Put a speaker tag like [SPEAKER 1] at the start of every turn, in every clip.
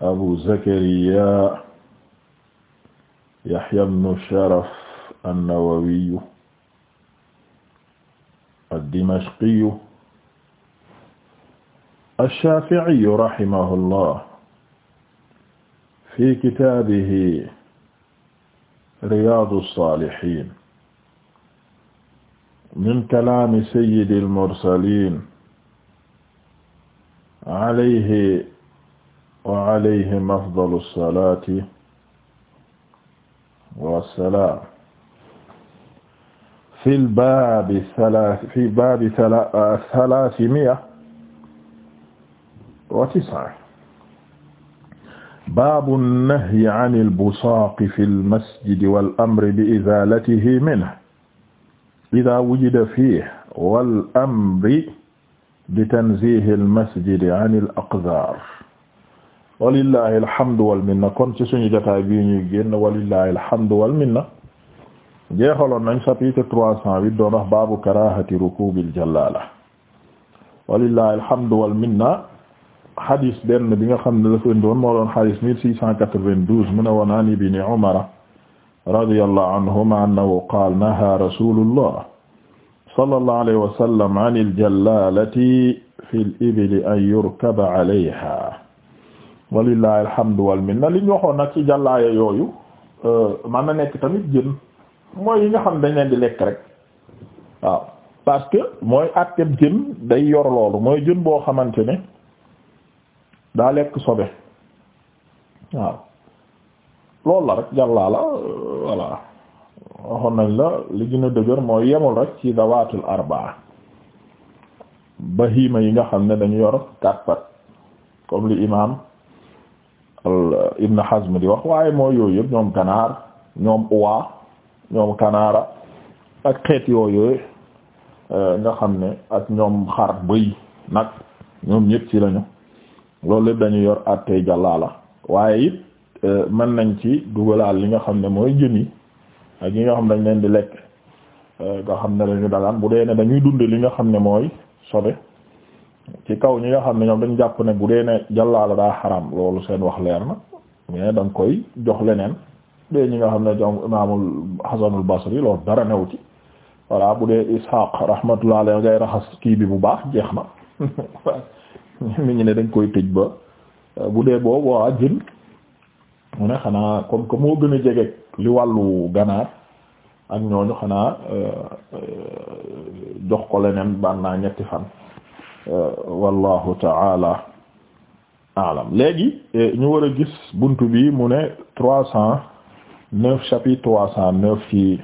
[SPEAKER 1] abu zakariya yahya ibnu sharaf an-nawawiyu ad-dimashqiyu ash-shafi'iyu rahimahullah fi kitaabihi riyaadu saalihiin min kalaami sayyidil mursaliin alayhi wa alayhim afdalu salaati wa salaam fil baabi salaasi fi baabi ah, salaasimia wa tis'a baabu nahyi anil busaaqi fil masjidi wal amri bi izaalatihi minhu izaa wujida fiihi wal amri bi tanziihil masjidi anil aqdaar walillahi alhamdu wal minna kon ci suñu jotaay bii ñuy génn walillahi alhamdu wal minna jeexaloon nañ chapitre trois cent huit doon wax baabu karahati rukubil jallala walillahi alhamdu wal minna xadis benn bi nga xam ne dafa doon moo doon xadis mille six cent quatre-vingt-douze mu ne woon an ibni umara radiyallahu anhuma annahu qaala naha rasulullah sallallahu alayhi wa sallam an aljalalati fi al ibli an yurkaba alayha walillahi alhamdu wal minna li ñu waxoon nag ci jàllaaya yooyu euh, man na nekk tamit jën mooy yi nga xam dañ leen di lekk rek waaw parce que mooy àtteeb jën day yor loolu mooy jën boo xamante ne daa lekk sobe waaw loolu la rek jàllaa la euh, voilà waxoon nañ la li gën a dëgër mooy yemul rek ci dawatul arbaa bahima yi nga xam ne dañu yor quatre pattes comme li imam Uh, Ibn Hazm di wax waaye mooy yooyu yëpp ñoom kanaar ñoom uwa ñoom kanaara ak xeet yooyu uh, nga xam ne ak ñoom xar bëy nag ñoom ñëpp ci lañu loolu lépp dañu yor àttee jàllaala waaye it uh, mën nañ ci dugalaal li nga xam ne mooy jën yi ak yi nga xam dañ leen di lekk nga xam ne dañu dagaan bu dee ne dañuy dund li nga xam ne mooy sobe ci kaw ñi nga xam ne ñoom dañ jàpp ne bu dee ne jàllaala daa xaram loolu seen wax leer na mais da koy jox leneen bu dee ñi nga xam ne ñoom imaamul Hasanul Basri loolu dara new ci voilà bu dee Ishaq rahmatullah alayhi kii bi bu baax jeex na mi ne dañ koy tëj ba bu dee boobu waa jën mu ne xanaa comme que moo gën a jege li wàllu ganaar ak ñooñu xanaa euh, euh, jox ko leneen ban naa ñetti fan Euh, wallahu taala alam léegi euh, ñu war a gis buntu bi mu ne trois cent neuf chapitre trois cent ci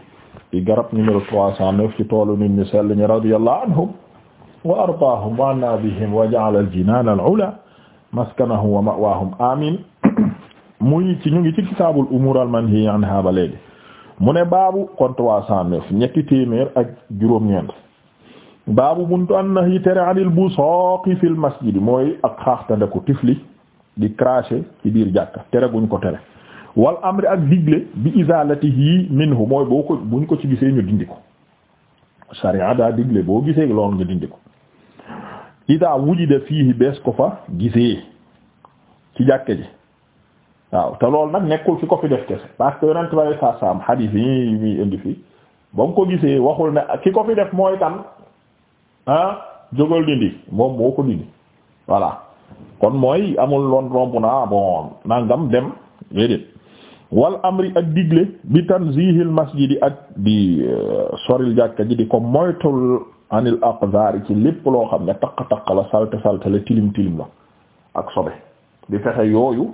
[SPEAKER 1] garab numéro trois cent neuf ci toolu nit ñu sell ñi radiyallahu anhum wa ardaahum wa anna bihim wa ja'ala al-jinana al-ula maskanahum muy ci ñu ngi ci kitaabul umuur al-manhi anha ba léegi mu ne baabu kon trois cent neuf ñetti téeméer ak juróom-ñeent baabu buntu annahi tere anil busaaqi fil masjid mooy ak xaaxtande ko tifli di cracher ci biir jàkka tere guñ ko tere wal amri ak digle bi izalatihi minhu mooy boo ko buñ ko ci gisee ñu dindi ko sharia daa digle boo gisee lool nga dindi ko ida wujida fiihi bees ko fa gisee ci jàkke ji waaw te loolu nag nekkul fi ko fi def kese parce que yonent bi sallallahu alayhi wasallam hadith indi fi ba mu ko gisee waxul ne ki ko fi def mooy kan ah jógal dindi moom moo ko dindi voilà kon mooy amul loon romp naa bon nangam dem déedéet wal amri ak digle bi tanzihil masjidi ak di euh, soril jàkka ji di ko moytul anil aqdar ci lépp loo xam ne taq-taq la ak sobe di fexe yooyu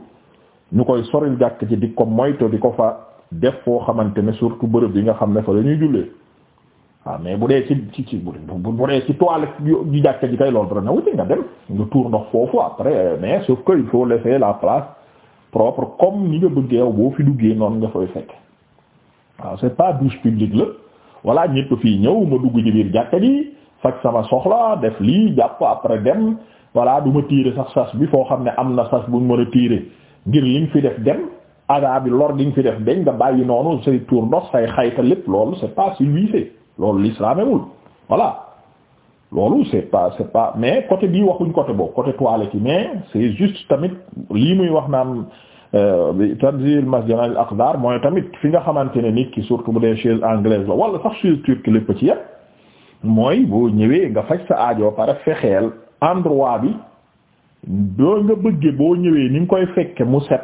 [SPEAKER 1] ñu koy soril jàkk ji di ko moytu di ko fa def foo xamante ne surtout bërëb yi nga xam ne fa lañuy ñuy jullee waaw ah, mais bu dee ci ci ci bu dee ci toilette ji jàkka ji kay loolu dara na wuti nga dem nga tuur ndox foofu après euh, mais sauf que il faut laisser la place propre comme ni nga bëggee yow boo fi duggee noonu nga koy fekk waaw ah, c'est pas douche publique la voilà ñépp fii ñëw ma dugg ci biir jàkka ji faj sama soxla def lii jàpp après dem voilà du ma tiire sax sas bi foo xam ne am na sas buñ mën a tiire ngir liñ fi def dem adaa bi lor gi ñu fi def dañ nga bàyyi noonu say tuur ndox say xayta lépp loolu c'est pas loolu l'islam wul voilà loolu c'est pas c'est pas mais côté bii waxuñ côté boobu côté toilette yi mais c'est juste tamit lii muy wax naan euh, tanzil masjid al aqdar mooy tamit fi nga xamante ne nit ki surtout bu dee chaise anglaise la wala sax chaise turque lépp ci yépp mooy boo ñëwee nga faj sa aajo pare fexeel endroit bi doo nga bëgge boo ñëwee niñ koy fekke mu set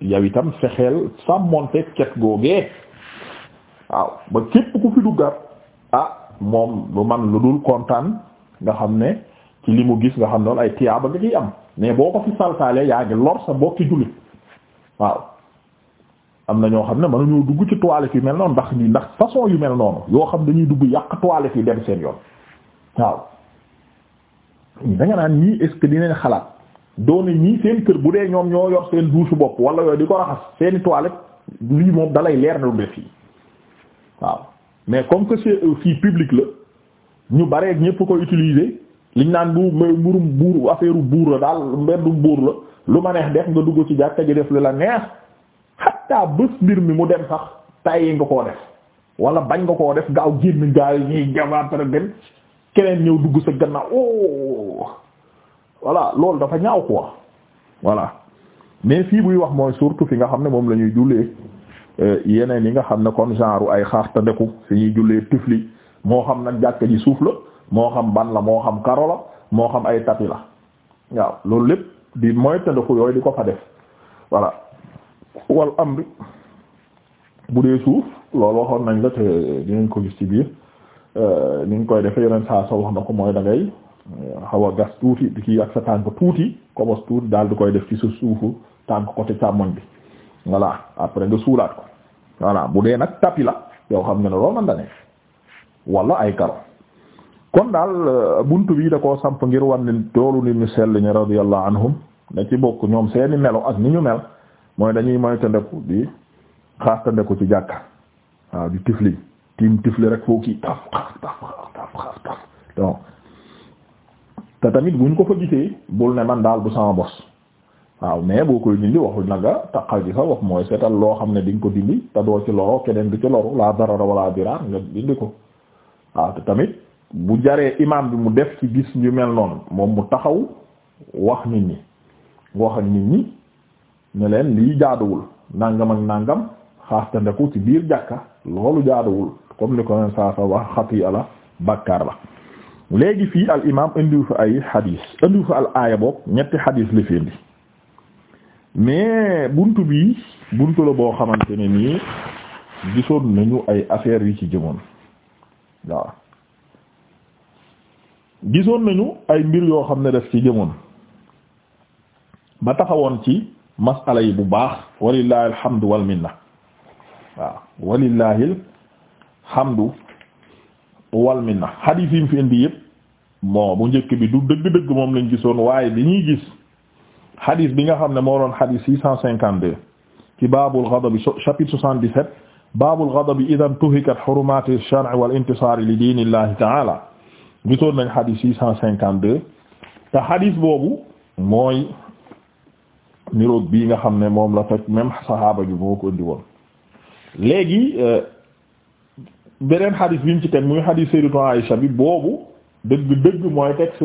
[SPEAKER 1] yow itam fexeel sàmmonte cet googee waaw ba képp ku fi duggaat ah moom lu man lu dul kontaan nga xam ne ci li mu gis nga xam noonu ay tiyaaba nga ciy am mais boo ko fi saltaale yaa ngi lor sa bokki jullit waaw am na ñoo xam ne mënuñoo dugg ci toilette yu mel noonu ndax ñi ndax façon yu mel noonu yoo xam ne dañuy dugg yàq toilette yi dem seen yoon waaw da nga naan ñii est-ce que dinañ xalaat doone ñii seen kër bu dee ñoom ñoo yor seen douche bopp wala yooyu di ko raxas seeni toilette lii moom dalay leer na lu def mais comme que c'est euh, fii la ñu bareeg ñëpp ko utiliser liñ naan bu mburum buur affaire buur la daal mbeddu buur la lu ma neex def nga dugg ci jàkka ji def li la neex xatta bés mbir mi mu dem sax tàyyee nga koo def wala bañ nga koo def gaaw génn gaay ñuy jabaatara gën keneen ñëw dugg sa gannaaw o oh! voilà loolu dafa ñaaw quoi voilà mais fii buy wax mooy surtout fi nga xam ne moom la ñuy jullee Euh, yeneen yi nga xam ne comme genre ay xaarta ndeku fi ñuy jullee tifli moo xam nag jàkka ji suuf la moo xam ban la moo xam karo la moo xam ay tapi la waaw loolu lépp di mooy tëndeku yooyu di ko fa def voilà wal amri bu nañ la te dinañ ko gis ci biir euh, ni ñu koy defee yeneen saa sa wax na ko mooy da ngay euh, xaw a gas tuuti di kii ak sa tànk tuuti kobos tuuti daal di koy def ci sa suufu tànk côté càmmoñ bi voilà après nga suulaat ko voilà bu dee nag tapi la yow xam nga ne loolu man da ne wala ay karo kon daal euh, bunt bi da koo samp ngir wan toolu nit ñu sell ñi radiyallahu anhum da ci bokk ñoom seeni melo ak ni ñu mel mooy dañuy moytandeku di xaastandeku ci jàkka waaw di tifli tiim tifli rek foo kii taf xaf taf xaf ko fa gisee bul ne man daal du sama bos waaw mais boo koy dindi waxul na nga taqal gi sax wax mooy seetal loo xam ne di ko dindi te doo ci loro keneen du ci loru laa darara wala diraar nga dindi ko waaw te tamit bu jaree imam bi mu def ci gis ñu mel noonu moom mu taxaw wax nit ñi wax ak ñi ne leen lii jaaduwul nangam ak nangam xaastandeku ci biir jàkka loolu jaaduwul comme ni ko leen saa sa wax xati ala la léegi fii al imam indiw ay xadiis indiw fa al aaya boog ñetti xadiis li mais bunt bi buntu la boo xamante ne nii gisoon nañu ay affaires yu ci jëmoon waaw gisoon nañu ay mbir yoo xam ne daf ci jëmoon ba taxawoon ci masala yi bu baax walillahi alhamdu wal minna waaw walillahi alhamdu wal minna xadiis yi mu fi indi yëpp bon bu njëkk bi du dëgg-dëgg moom lañ gisoon waaye bi ñuy gis xadis bi nga xam ne moo doon xadis 652 ci baabul ghadabi chapitre 77 baabul ghadabi idan tuhikat hurumatu shar'i wal intisaari li diinillahi ta'ala gisoon nañ xadis 652 te xadis boobu mooy niroog bii nga xam ne moom la fekk même saxaaba bi moo ko indi woon léegi euh, beneen xadis bi mu ci boobu. dëgg dëgg mooy texte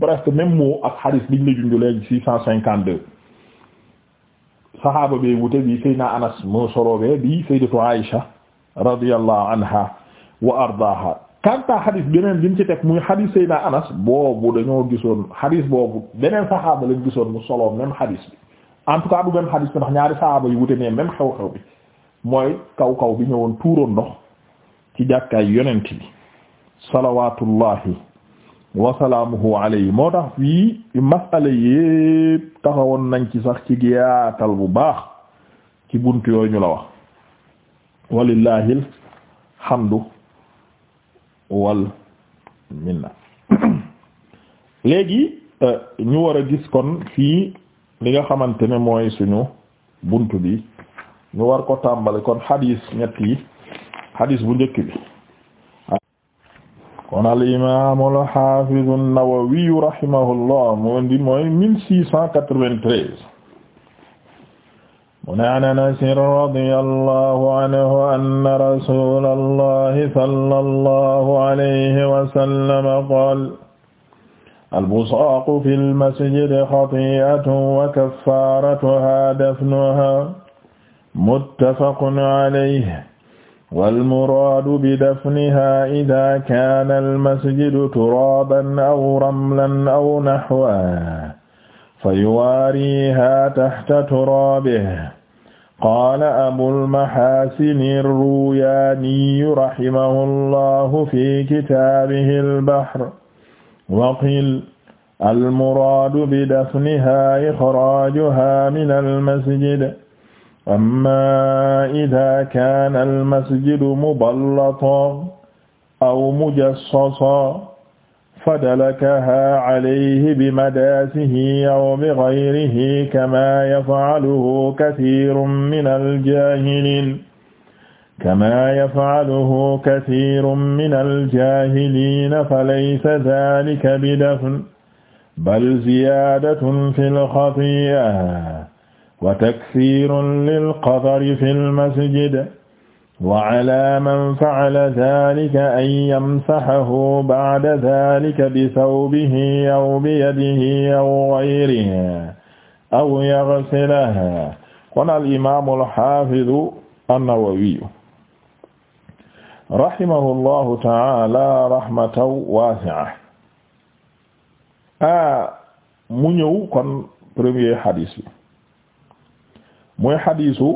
[SPEAKER 1] presque même mot ak xadis biñ la junj léegi six cent cinquante deux saxaaba bee wute bi Seydina Anas moo solo bee bi Sayyidatu Aïsha radiyallahu anha wa ardaaha kanta xadis beneen biñ ci teg muy xadis Seydina Anas boobu dañoo gisoon xadis boobu beneen saxaaba lañ gisoon mu solo même xadis bi en tout cas du même xadis bi ndax ñaari saxaaba yu wute mais même xew-xew bi mooy kaw kaw bi ñëwoon tuuroon ndox ci jàkkaay yonent bi salawaatullahi wasalaamuhu alayhi moo tax fii masala yépp taxawoon nañ ci sax ci giyaatal bu baax ci bunt yooyu ñu la wax walillahi xamdu wal minna léegi euh, ñu war a gis kon fii li nga xamante ne mooy suñu bunt bi ñu war ko tàmbali kon xadiis ñett yi xadiis bu njëkk bi kon al imaam al haafiz an-Nawawi rahimahullah moo di mooy 1693 mu ne an Anas radiyallahu anhu anna rasulallahi sallallahu alayhi wa sallam qaala al-busaaqu fil masjidi xatii'atun wa kaffaaratuhaa dafnuhaa muttafaqun alayhi walmuraadu bidafniha idaa kaana almasjidu turaaban aw ramlan aw naxwahu fayuwaariihaa taxta turaabihi qaala abulmaxaasini arruyaaniyu rahimahu allahu fi kitaabihi albahr wa qiila almuraadu bidafniha ixraajuha min almasjid amma ida kaana almasjidu muballatan aw mujassasan fadalakaha alayhi bimadaasihi aw bigayrihi kama yaf'aluhu kasiirun minal jaahiliin kama yaf'aluhu kasiirun minal jaahiliin falaysa dhaalika bidafnin bal ziyaadatun fil xatii'a wa takfiirun lil qadari fil masjid wa calaa man facala daalika an yamsaxahu bacda daalika bisawbihi aw biyadihi aw gayrihi aw yaxsilaha kon al imaamu alxaafidu annawawiyu rahimahu llahu taala rahmatan waasi'a a ah, mu ñëw kon premier hadis bi mooy xadiisu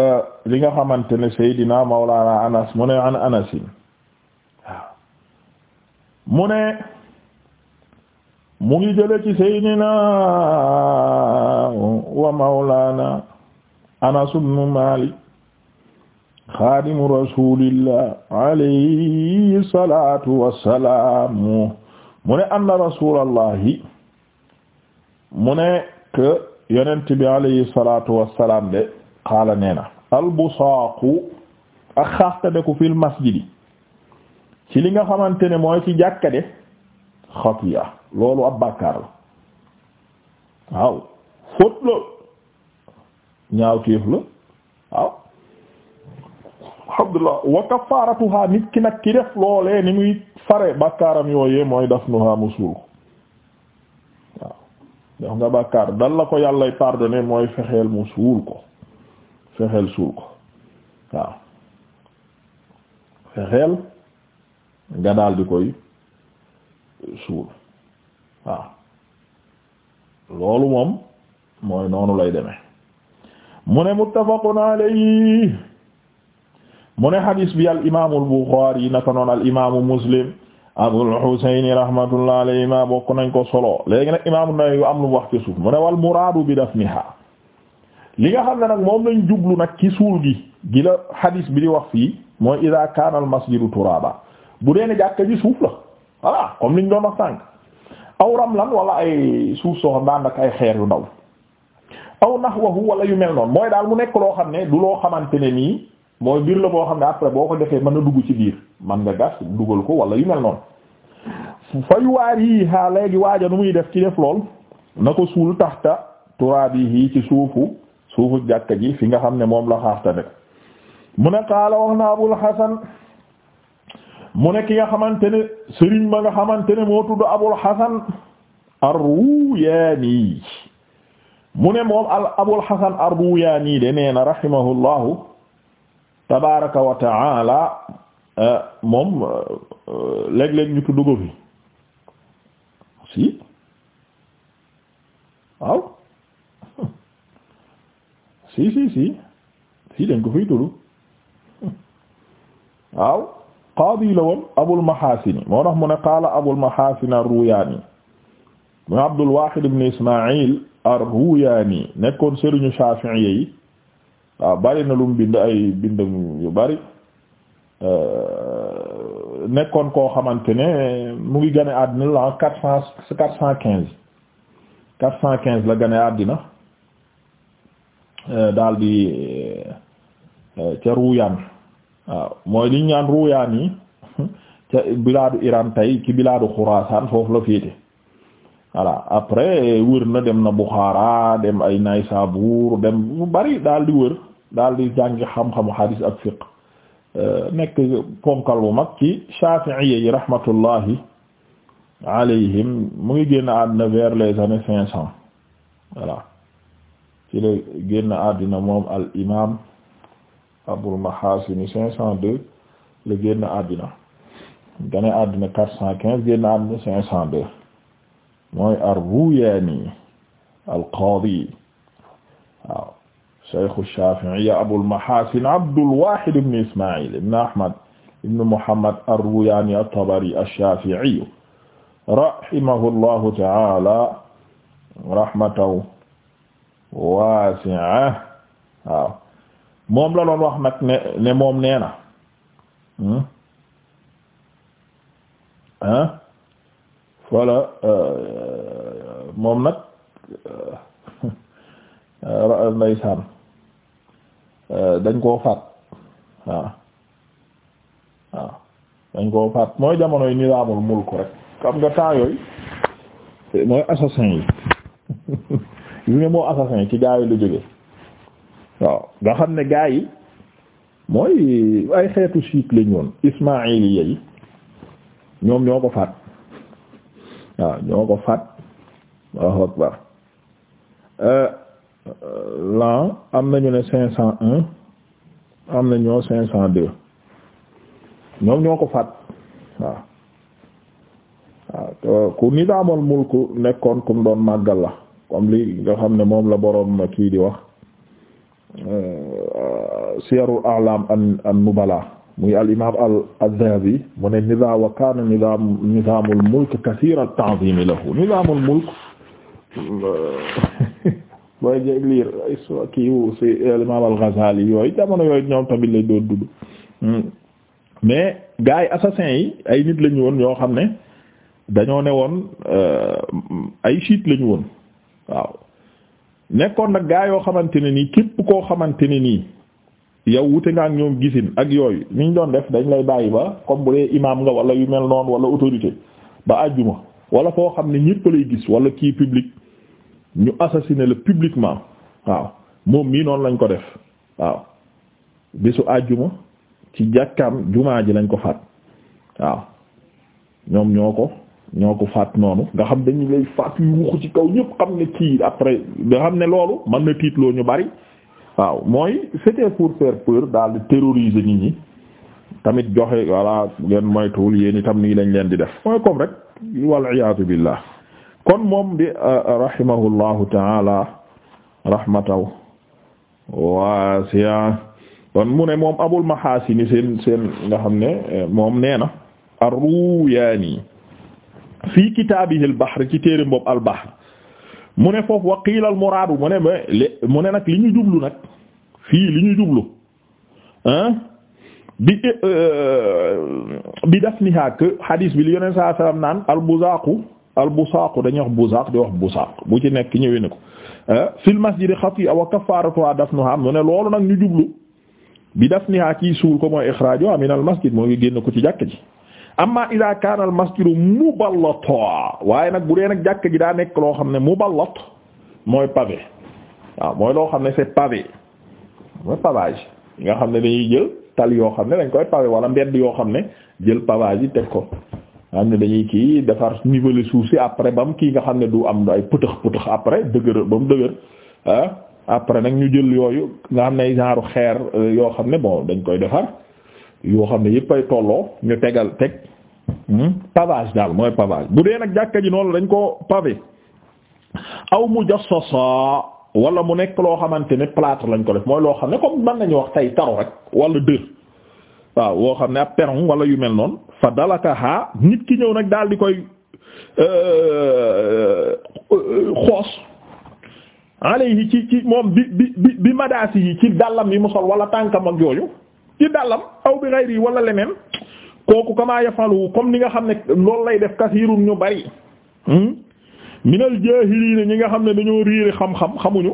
[SPEAKER 1] euh, li nga xamante ne Seydina Mawlana Anas mu ne an Anasin waaw mu ne mu ngi jële ci Seydina wa Mawlana Anas ibn Malik xaadimu rasulillah alayhi salatu wassalamu mu ne anna rasulallahi mu ne que yonent bi alayhi salatu wassalam de xaala nee na albusaaqu ak xaaxtadeku fil masjidi ci li nga xamante ne mooy ci jàkka de xatiya loolu ab bàkkaar la waaw fóot loolu ñaaw téef la waaw alhamdulillah wa kafaratuha nit ki nag ki def loolee ni muy fare bàkkaaram yooyee mooy dafnuha musul jox nga bàkkaar dal la ko yàllay pardonné mooy fexeel mu suul ko fexeel suul ko waaw fexeel nga daal di koy suul waaw loolu moom mooy noonu lay demee mu ne muttafaqun alayhi mu ne xadiis bi al imaamul Buxaari naka noonu al imaamu Muslim Abul Husayn rahmatullah alayhima bokk nañ ko solo léegi nag imaam An-Nawawi am lu wax ci suuf mu ne wal muraadu bi dafniha li nga xam ne nag moom lañ jublu nag ci suul gi gi la bi di wax fii mooy idaa kaana al masjidu turaaba bu dee ne jàkka ji suuf la voilà comme liñ doon a sànq aw ramlan wala ay suuf soo daan ak ay xeer yu ndaw aw nahwahu wala yu mel noonu mooy daal mu nekk loo xam ne du loo xamante ne nii mooy mbir la boo xam ne après boo ko defee mën a dugg ci biir man nga gas dugal ko wala yu mel noonu fay waar yi xaa léegi waaja nu muy def ci def lool na ko suul taxta turaabihi ci suufu suufu jàkka ji fi nga xam ne moom la xaasta nekk mu ne na Abul Hasan mu ne ki nga xamante ne sëriñ ma nga xamante ne moo tudd Abul Hasan ar-Ruyaani mu ne moom al Abul Hasan ar-Ruyaani de nee na rahimahullahu tabaraka wa taala eh, moom eh, léeg-léeg ñu tudd ko si waaw si si si si dañ ko fiy tudd waaw qaadi la woon abul mahaasini moo tax mu ne qaala abul mahaasini ar mu abdul wahid ibn ismail ar-ruyaani nekkoon sëriñu shafi'i waaw bari na lu mu bind ay bindam yu bari euh, nekkoon koo xamante ne mu ngi gane àddina la quatre cent quatre cent quinze quatre cent quinze la gane àddina euh, daal di euh, ca Ruyaan waaw mooy li ñu ñaan Ruyaan yi ca bilaadu Iran tey ci bilaadu Xuraasaan foofu la féete voilà après wër na dem na Bukhara dem ay Naysabur dem bu bari daal di wër daal di jàngi xam-xamu hadis ak fiqh euh, nekk ponkal bu mag ci Shafi'iyya yi rahmatullahi mu ngi génn àddina vers les années cinq voilà ci la génn àddina moom al imam Abul Mahasin cinq la génn àddina gane àddina quatre cent quinze génn mooy Arbuyaani al-Qaadi waaw Shaykhu Shaafi'iyya Abul Mahaasin Abdul Waahid ibn Ismaa'iil ibn Ahmad ibn Muhammad Arbuyaani at-Tabari ash-Shaafi'iyyu rahimahullahu ta'aala rahmatan waasi'a waaw moom la doon wax nag ne ne moom nee na ah. wala euh, moom nag euh, ndeysaan euh, dañ koo faat waaw dañ koo faat mooy jamono jamonoy nizaamul mulk rek xam nga temps mooy assassin yi yu moo assassin yi ci gaa yi lu jóge waaw nga xam ne gaa yi mooy ay xeetu siik lañu woon ismaayiliya yi ñoom ñoo ko faat waaw ñoo ko faat waaw akbar euh, lan am nañu ne cinq cent un am na ñoo cinq cent deux ñoom ñoo ko faat waaw waaw ku nidaamal mulku nekkoon kum doon màggal la kom li nga xam ne moom la boroom kii di wax euh, siyaru alam an an nubala muy al imaam al Adhabi mu ne nizaam wa kaana nizaam nizaamul mulk kasiir at-ta'ziim lahu nizaamul mulk booy jeg liir kiiwu si al imaam al Ghazali yooyu jamono yooyu ñoom tamit lañ doon dudd mais gars yi yi ay nit lañu woon yoo xam ne dañoo ne woon euh, ay chiites lañu woon waaw nekkoon nag gaa yoo xamante ne nii képp koo xamante ne nii yow wute nga ak ñoom gisin ak yooyu ni ñu doon def dañ lay bàyyi ba comme bu dee imaam nga wala yu mel noonu wala autorité ba àjjuma wala foo xam ne ñépp lay gis wala kii public ñu assassiner la publiquement waaw moom mii noonu lañ ko def waaw bésu àjjuma ci jàkkaam jumaa ji lañ ko fàtt waaw ñoom ñoo ko ñoo ko fàtt noonu nga xam dañu lay faat yu wuxu ci kaw ñépp xam ne kii après nga xam ne loolu mën na tiitloo ñu bari waaw mooy c'était pour faire peur daal di terroriser nit ñi tamit joxe voilà ngeen moytuwul yéen itam nii lañ leen di def mooy comme rek wal iyaatu billah kon moom di euh, euh, rahimahullahu taala rahmataw waasi'a kon mu ne moom abul mahaasini seen seen nga xam ne euh, moom nee na ar-Ruyaani fii kitaabihi al-Bahr ci téere boobu al-Bahr mu ne foofu wa qiila al muraadu mu ne mu ne nag li ñu jublu nag fii li ñu jublu hein bi euh, bi dafniha que hadis bi li yoneen saa salaam naan al buzaaqu al busaaqu dañuy wax buzaaq di wax busaaq bu ci nekk ñëwee ni ko fil masjidi xati'a wa kaffaratuha dafnuha mu ne loolu nag ñu jublu bi dafniha kii suul ko mooy ixraajuha min al masjid moo ngi génn ko ci jàkk ji amma ida kaana al masjidu muballata waaye nag bu dee nag jàkk ji daa nekk loo xam ne muballat mooy pavé waaw mooy loo xam ne c'est pavé mooy pavage nga xam ne dañuy jël tali yoo xam ne dañ koy pavé wala mbedd yoo xam ne jël pavage yi teg ko nga ne dañuy kii defar niveler suuf si après ba mu kii nga xam ne du am ay pëtëx pëtëx après dëgër ba mu dëgër ah après nag ñu jël yooyu nga xam ne genre xeer euh, yoo xam ne bon dañ koy defar yoo xam ne yépp ay tolloo ñu tegal teg hmm, pavage daal mooy pavage bu dee nag jàkka ji noonu dañ ko pavé aw mujassasa wala mu nekk loo xamante ne plâtre lañ ko def mooy loo xam ne comme man nañu wax tey taro rek wala dër waaw woo xam ne ab perron wala yu mel noonu fa dalaka ha nit ki ñëw nag daal di koy euh, euh, xoos yi ci ci moom bi bi bi madaasi yi ci dàllam yi mu sol wala tànkam ak yooyu ci dàllam aw bi xayri wala leneen kooku kamaa yafalu comme ni nga xam ne loolu lay def kasirun ñu bari hmm? minal jaahiliina ñi nga xam ne dañoo riiri xam-xam xamuñu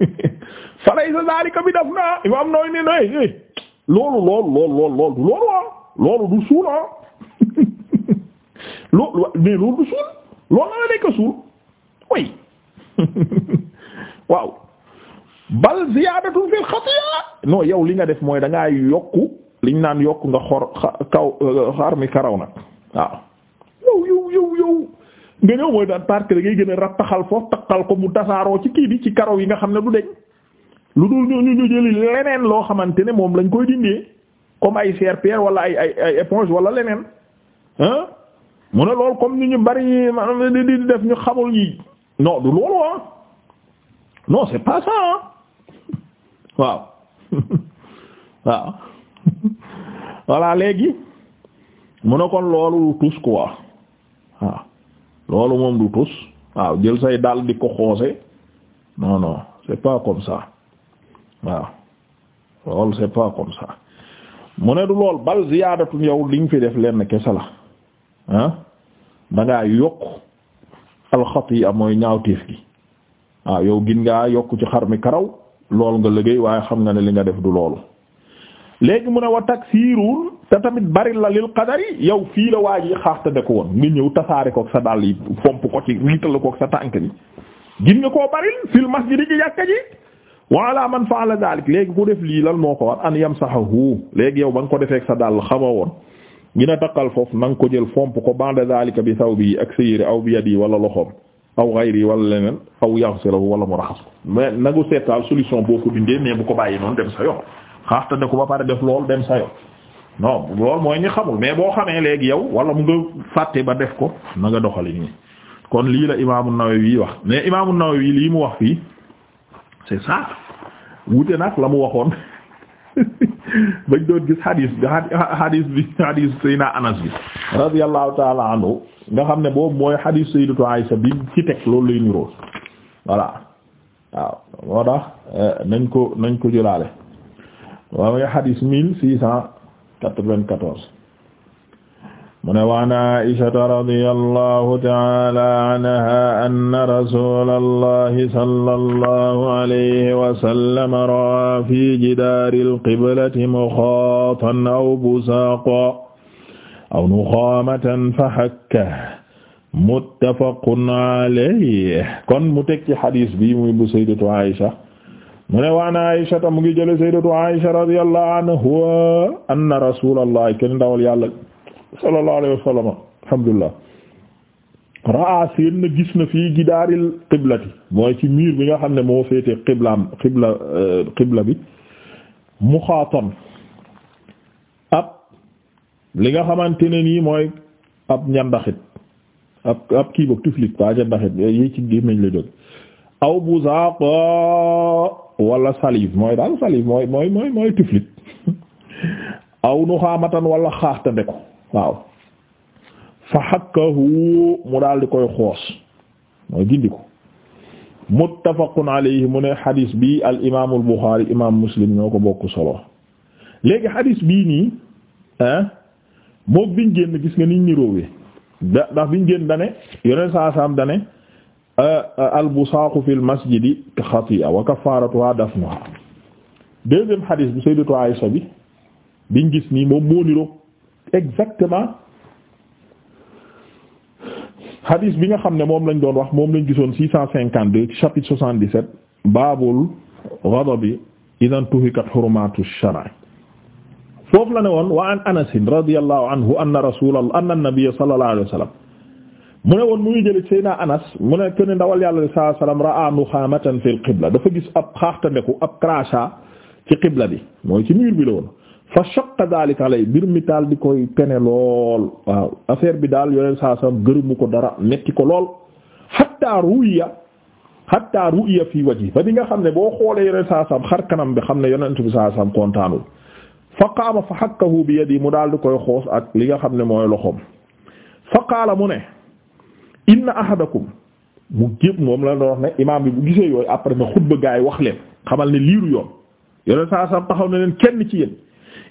[SPEAKER 1] falaysa zaalika bi daf naa imaam nooy nooy loolu loolu loolu loolu loolu loolu waa ah, loolu du suul ah loolu mais loolu du suul loolu la nekk suul waaw bal ziyaadatun fil xatiya non yow li nga def mooy da ngaa yokku liñ naan yokk nga xor kaw euh, xar mi karaw nag waaw yow yow yow yow nga ñëw mooy daan park que ngay gën a rattaxal foofu takkal ko mu tasaaroo ci kii bi ci karaw yi nga xam ne du deñ lu dul ñu ñu jëli leneen loo xamante ne moom lañ koy dindee comme ay serpillère wala ay ay ay éponge wala leneen ah mu ne loolu comme ni ñu bari di def ñu xamul ñi du loolu ah non c'est pas waaw waaw voilà léegi mu ne kon loolu du tus quoi waaw loolu moom du tus waaw jël say dal di ko xoose non non c'est pas comme ça waaw loolu c'est pas comme ça mu ne du lool bal ziyaadatu yow liñ fi def lenn kese la ah da ngaa yokk alxatiya mooy ñaawteef gi waaw yow gin ngaa yokk ci xar mi karaw loolu nga liggéey waaye xam nga ne li nga def du loolu léegi a ne wa taksiirul te tamit bari la lil qadari yow fii la waa ji xaaxte ko woon nga ñëw tasaare koog sa dàll yi pomp ko ci riital koog sa tànk bi gin nga koo baril fil masjid ji jàkka ji wala man fa'ala dalik léegi ku def lii lal moo ko war an yamsahu léegi yow ba nga ko defeek sa dàll xama woon gina takkal foofu na nga ko jël fomp ko ba'da zalika bi saw bi ak sa aw bi yadi wala loxoom aw xayri wala leneen aw la wala mu raxas ko mais nagu seetaal solution boo ko dindee mais bu ko bàyyi noonu dem sa yoon xaafta ne ko ba pare def lool dem sa yoon non loolu mooy ñu xamul mais boo xamee léegi yow wala mu nga fàtte ba def ko na nga doxali kon lii la imaamu Nawawi wax mais imaamu wii lii mu wax fii c'est ça wute nag la mu waxoon bañ doon gis hadis bi hadis bi hadis sayna anas bi radiyallahu taala anhu nga xam ne boobu mooy hadis sayyidatu Aisha bi ci teg loolu lay niroo voilà waaw moo tax eh, nañ ko nañ ko jëlaale waaw mooy hadis mille six cent quatre-vingt-quatorze mu ne waan aishata radi allahu taala anha anna rasula allahi sala allahu alayhi wasallama raa fi jidaari alqiblati muxaatan aw busaaqa aw nuxaamatan fa hakka muttafaqun alayhi kon mu teg ci xadis bi muy bu saydatu aïsha mu ne waan aishata mu ngi jële saydatu aïsha radi allahu anha anna rasula allahi ken ndawal yàlla sallallahu alayhi wa sallam alhamdulillah raa seen na gis na fii gidaaril qiblati mooy ci miir bi nga xam ne moo féete qiblaam qibla euh, qibla bi muxaatan ab li nga xamante ne nii mooy ab ñandaxit ab ab kii boog tuflit ñandaxit yi ci gémmiñ la jóg aw buzaaq wala salive mooy daal salive mooy mooy mooy mooy aw nuxaamatan wala xaaxtande ko waaw fa xakkahu mu daal di koy xoos mooy gindi ko muttafaqun alayhi mu ne xadis bi al imaam al buxaari imaam muslim ñoo ko bokk solo léegi xadis bii nii ah moom biñ génn gis nga niñ niroowee da ndax biñ génn dane yoneen saa saam dane al busaaqu fil masjidi xati'a wa kafaaratuha dafnuha deuxième xadis bu sayyidatu Aysa bi biñ gis nii moom moo niroo exactement hadith bi nga xam ne moom lañ doon wax moom lañ gisoon six cent cinquante deux ci chapitre soixante dix sept baabul ghadabi idan tuhikat hurumatu shar'i foofu la ne woon wa an anas radiyallahu anhu anna rasulullah anna an-nabiy sallallahu alayhi wa sallam mu ne woon mu ngi jële Seyna Anas mu ne kenn ndawal yàlla li dafa gis ab xaaxtandeku ab crachat ci mooy ci mur bi la fa shaqqa dalik alay mbir mi daal di koy pene lool waaw affaire bi daal yoneen saa sam gërëmu ko dara metti ko lool hatta ruya hatta ruya fii wajhi ba di nga xam ne boo xoolee yoneen saa xar kanam bi xam ne yonent bi saa sam kontaanul fa qaama fa hakkahu bi yadi mu daal di koy xoos ak li nga xam ne mooy loxoom fa qaala mu ne inna ahadakum mu gépp moom la doon wax ne imaam bi bu gisee yooyu après na xutba gaay wax leen xamal ne liiru yoon yoneen saa taxaw na leen kenn ci yéen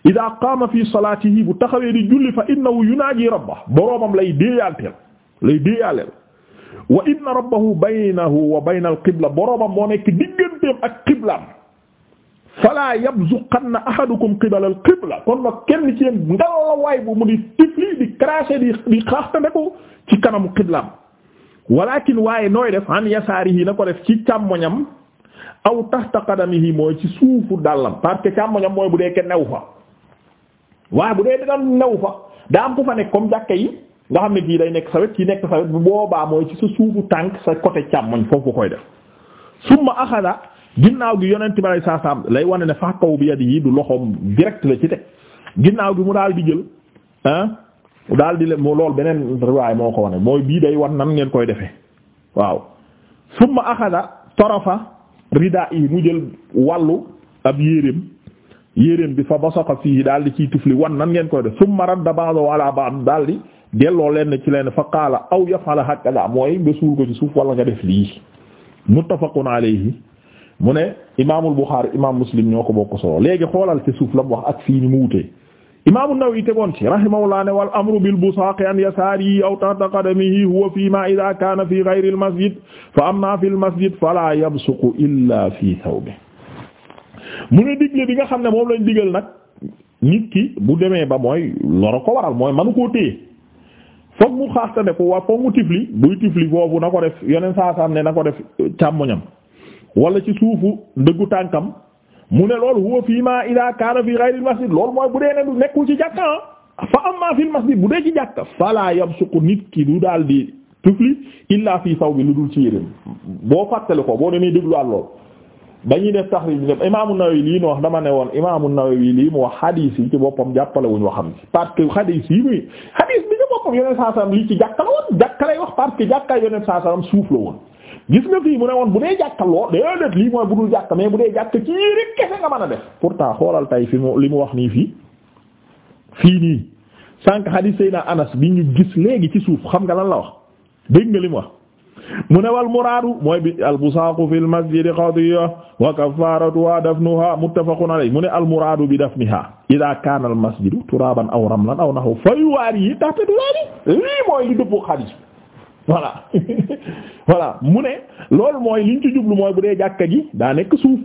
[SPEAKER 1] ida qaama fi salaatihi bu taxawee di julli fa innahu yunaaji rabba boroomam lay déeyaalteel lay déeyaaleel wa inna rabbahu baynahu wa bayna alqibla boroomam moo nekk digganteem ak qiblaam fala yabzuqanna ahadukum qibala alqibla kon nag kenn ci yéen ngalla waay bu mu di tifli di craché di di xaaxtandeku ci kanamu qiblaam walakin waaye nooy def an yasaarihi na ko def ci càmmoñam aw tahta qadamihi mooy ci suufu dàllam parce que càmmoñam mooy bu dee kenn new fa waaye bu dee daan new fa daa am ku fa nekk comme jàkke yi nga xam ne kii day nekk sawet kii nekk sawet bu boobaa mooy ci sa suufu tànk sa côté càmmoñ foofu koy def summa axada ginnaaw gi yonent bi saa saa lay wane ne fa kaw bi yadi yi du loxoom direct la ci teg ginnaaw gi mu daal di jël ah daal di le moo lool beneen riwaay moo ko wane mooy bii day wan nan ngeen koy defee waaw ridaa yi mu jël wàllu ab yéreem yéreem bi fa ba basaqa fii daal di ciy tifli wan nan ngeen koy def summa radda ba'dahu ala ba'd daal di delloo leen ci leen fa qaala aw yaf'ala hakada mooy nga suul ko ci suuf wala nga def lii muttafaqun alayhi mu ne imaamul Buxaari imaam Muslim ñoo ko bokk solo léegi xoolal ci suuf la mu wax ak fii ni mu wutee imaamu Nawawi tegoon ci rahimahullah ne wal amru bil busaaqi an yasaarihi aw tahta qadamihi huwa fii maa idaa kaana fii ghayri al masjid fa ammaa fil masjid falaa yabsuqu illaa fii thawbihi mu ne digle bi nga xam ne moom lañ digal nag nit ki bu demee ba mooy loro ko waral mooy manu koo téye foog mu xaastane ko waa foog mu tifli buy tifli foofu na ko def yeneen saa ne na ko def càmmoñam wala ci suufu ndëggu tànkam. mu ne lool huwa fii ma ida kaana fi ghayril masjid loolu mooy bu dee ne du nekkul ci jàkka ah. fa amma fil masjid bu dee ci jàkka fala yabsuqu nit ki du daal di tufli illa fii saw bi lu dul ci yéréen boo fàttali ko boo demee dégluwaat lool ba ñuy def taxrij bi def imaamu Nawawi lii mu wax dama ne woon imaamu Nawawi lii mu wax hadith yi ci boppam jàppale wuñu waxam ci parce que hadith yi muy hadith bi ci boppam yoneen saa sallam lii ci jàkka la woon jàkka lay wax parce que jàkkaay yoneen saa sallam suuf la woon gis nga fii mu ne woon bu dee jàkka loo déedéet lii mooy bu dul jàkka mais bu dee jàkka ci rek kese nga mën a def pourtant xoolal tay fi mu li mu wax nii fii fii nii sànq hadith Seydina Anas bi ñu gis léegi ci suuf xam nga lan la wax dégg nga li mu wax mu ne wal muraadu mooy bi al busaaqu fil masjidi qadiyya wa kaffaratuha dafnuha muttafaqun alayhi mu ne al muraadu bi dafniha idha kana al masjidu turaban aw ramlan aw nahwa fa yuwaari tahta turabi lii mooy li dëppoo hadith voilà voilà mu ne loolu mooy liñ ci jublu mooy bu dee jàkka ji daa nekk suuf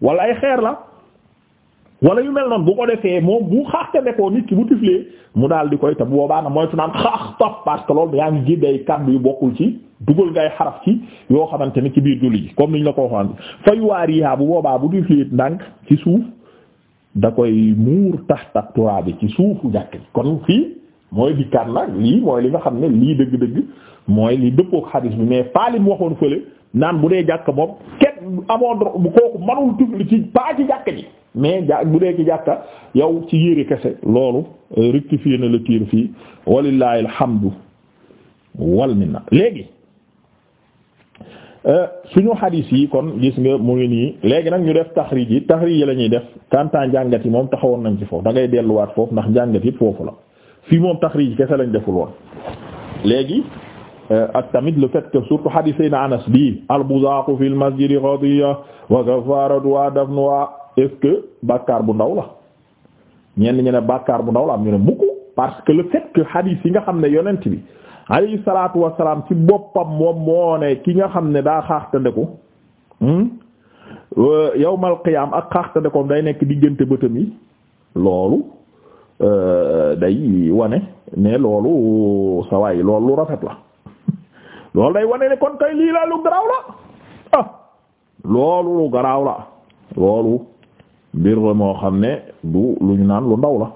[SPEAKER 1] wala ay xeer la wala yu mel noonu bu ko defee moom bu xaaxte nekkoon nit ki bu tiflee mu daal di koy te bu boobaa nag moytu naan xaax topp parce que loolu yaa ngi gédday kàddu yu bokkul ci dugal ngay xaraf ci yoo xamante ne ci biir julli ji comme niñ la ko waxoon fay waar yi bu boobaa bu tiflee ndànk ci suuf da koy muur tax tax turaab bi ci suufu jàkk ji kon fii mooy dikkaat na lii mooy li nga xam ne lii dëgg-dëgg mooy li dëppook xadiis bi mais pas li mu waxoon fële naan bu dee jàkk moom kenn amoo bu kooku manul tufli ci pas ci jàkk ji mais ja bu dee ci jàkka yow ci yére kese loolu euh, rectifier na le tir fii walillahi alhamdu wal minna léegi euh, suñu xadiis yi kon gis nga mu ngi nii léegi nag ñu def taxriij yi taxriij yi la ñuy def kantaa njàngat yi moom taxawoon nañ ci foofu da ngay delluwaat foofu ndax njàngat yi foofu la fii moom taxriij kese lañ deful woon léegi euh, ak tamit le fait que surtout hadith sayna Anas bi al-buzaaqu fil masjidi xatiya wa kafaaratu wa dafnuwa est-ce que bàkkaar bu ndaw la ñenn ñu ne bàkkaar bu ndaw la am ñu mukk parce que la fait que yi nga xam ne yonent bi alayhi salaatu wassalaam ci boppam moom moo ki nga xam ne daa xaaxtandeku hmm? euh, yawmal qiyaam ak xaaxtandekoom day nekk diggante bëtam yi loolu Euh, day wane ne loolu sa loolu lu rafet la loolu day wane ne kon kay lii la lu garaaw la ah, loolu lu garaaw la loolu mbir moo xam ne du lu ñu naan lu ndaw la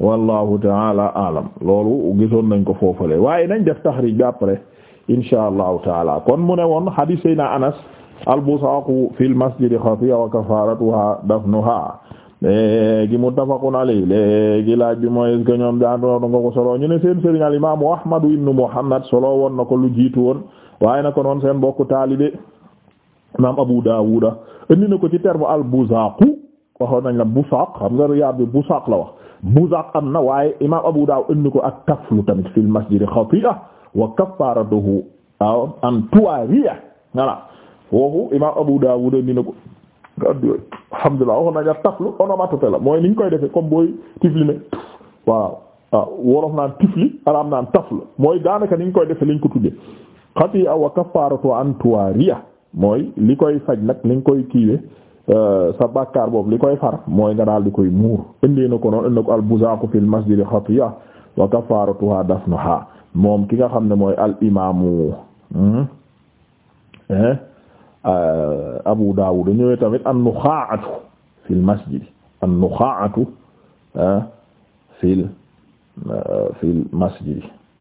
[SPEAKER 1] wallahu taala alam loolu gisoon nañ ko foofale waaye nañ def taxrij bi après insha allahu taala kon mu ne woon hadith sayna anas al fil masjidi xatiya wa kafaratuha dafnuha léegi muttafaqun alayhi léegi laaj bi mooy est-ce que ñoom daanaka nga ko solo ñu ne seen sëriñ imaamu Ahmad ibn Muhammad solo woon na ko lu jiitu woon waaye na ko noon seen bokku taalibe imaam Abu Daawud indi na ko ci terme al Buzaaq waxoon nañ la Busaaq xam nga Riyaad bi Busaaq la wax Buzaaq am na waaye imaam Abu Daawud indi ko ak taflu tamit fil masjidi xatii'a wa kaffaaratuhu an tuwaariya voilà foofu imaam Abu Daawud indi na ko. nga addi yooyu alhamdulilah waxoon nañ la taflu onomatopée la mooy ni ñu koy defee comme booy tifli ne waaw waaw wolof naan tifli araam naan taflu mooy daanaka ni ñu koy defee liñ ko tuddee xati'a wa kafaratu an tuwariya mooy li koy faj nag li koy kiiwe euh, sa bàkkaar boobu li koy far mooy nga daal di koy muur indee na ko noonu indi na ko al buzaaku fil masjidi xatiya wa kafaratuha dafnuha moom ki nga xam ne mooy al imaamu hmm, Euh, Abu Dawud ñëwee tamit an-nuxaa'atu fil masjid an-nuxaa'atu fil euh, fil masjid